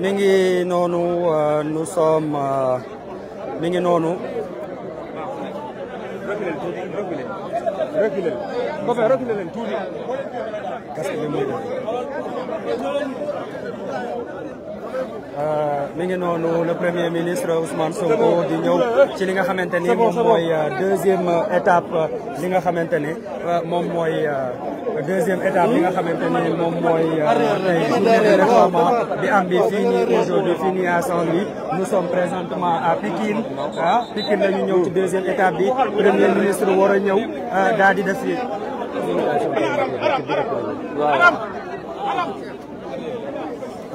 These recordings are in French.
mi ngi noonu euh, nous sommes euh, mi ngi noonu. Euh, mi ngi le premier ministre Ousmane Sonko di ñëw ci li nga xamanteni moy euh, euh, deuxième étape li nga xamanteni mom moy deuxième étape li nga xamanteni mom moy mooy tey réforme bi am bi fii aujourd'hui fini à Saint-Louis nous sommes présentement à Pékin. Pékin ah, Pikine la ñu ci deuxième étape bi premier ministre wara a ñëw daal di def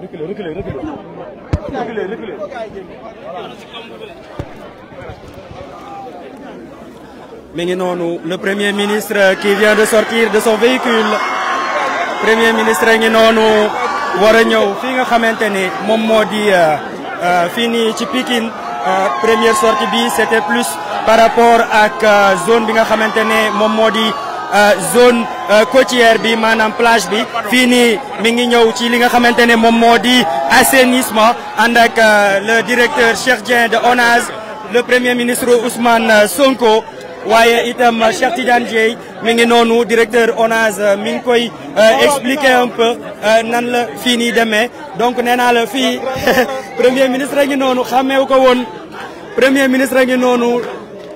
reculez, reculez, reculez. Reculez, reculez. le Premier ministre qui vient de sortir de son véhicule. Premier ministre Minginonou, Waragnou, à Khamentene, Momodi, euh, euh, Fini Chipikin. Euh, première sortie, c'était plus par rapport à la zone Binga Khamentene, Momodi. Euh, zone euh, côtière bi manam plage bi fini mi ngi ñëw ci li nga xamantene mom modi assainissement and ak euh, le directeur Cheikh Dieng de ONAS le premier ministre Ousmane Sonko waye itam Cheikh Tidiane Dieye mi ngi nonu directeur ONAS mi ngi koy expliquer un peu nan la fini nii donc néna la fi premier ministre ngi nonu xamé ko won premier ministre ngi nonu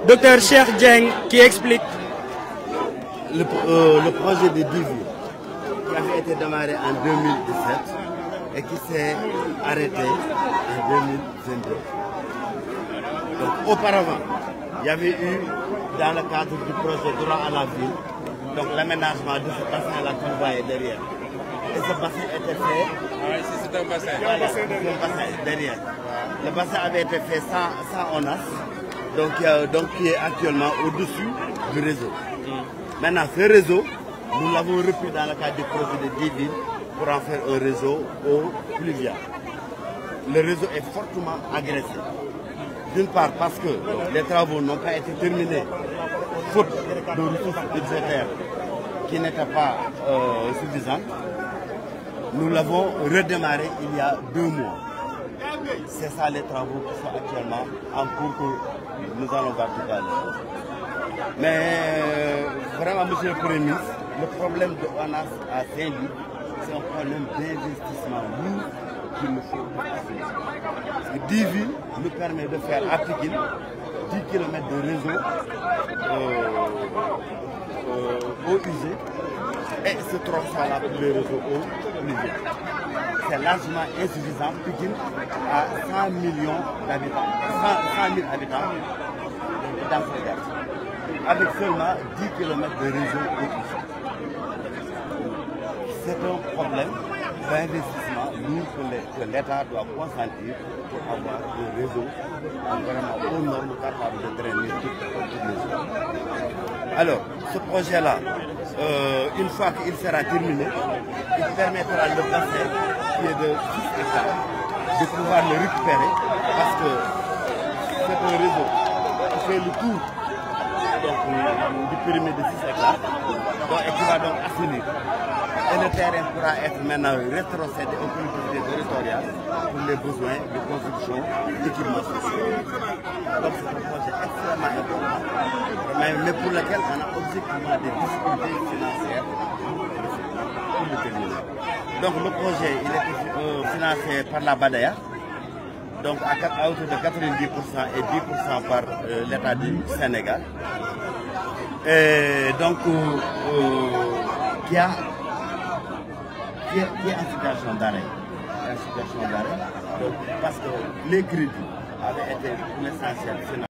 docteur Cheikh Dieng qui explique euh, le, projet de Divi, qui avait été démarré en 2017 et qui s'est arrêté en 2022. Donc, auparavant, il y avait eu, dans le cadre du projet droit à la ville, donc l'aménagement de ce bassin à la derrière. Et ce bassin était fait. Ah, ici c'est un bassin. derrière. Le bassin avait été fait sans, sans ONAS, donc, euh, donc qui est actuellement au-dessus du réseau. Maintenant, ce réseau, nous l'avons repris dans le cadre du projet de 10 pour en faire un réseau au pluvial. Le réseau est fortement agressé. D'une part parce que les travaux n'ont pas été terminés faute de ressources budgétaires qui n'étaient pas euh, suffisantes. Nous l'avons redémarré il y a deux mois. C'est ça les travaux qui sont actuellement en cours nous allons voir tout à l'heure. Mais euh, vraiment, monsieur le Premier ministre, le problème de OANAS à Saint-Louis, c'est un problème d'investissement lourd qu'il nous faut Parce 10 villes nous permet de faire Pékin 10 km de réseau euh, euh, et ce trop là pour les réseaux au C'est largement insuffisant. Pékin a 100 millions d'habitants, 000 habitants dans avec seulement 10 km de réseau C'est un problème d'investissement que l'État doit consentir pour avoir le réseau vraiment aux normes capable de drainer toutes les autres. Alors, ce projet-là, euh, une fois qu'il sera terminé, il permettra le passé qui est de tout de pouvoir le récupérer parce que c'est un réseau qui fait le tour donc euh, du périmètre de 6 hectares donc, et qui va donc assainir. Et le terrain pourra être maintenant rétrocédé aux des territoriales pour les besoins de construction d'équipements sociaux. Donc c'est un projet extrêmement important, mais, pour lequel on a objectivement des difficultés financières pour le Donc le projet est euh, financé par la BADEA, donc à, hauteur de 90% et 10% par euh, l'État du Sénégal. Et euh, donc, euh, euh, il y a, une situation d'arrêt. d'arrêt. Parce que les crédits avaient été l'essentiel.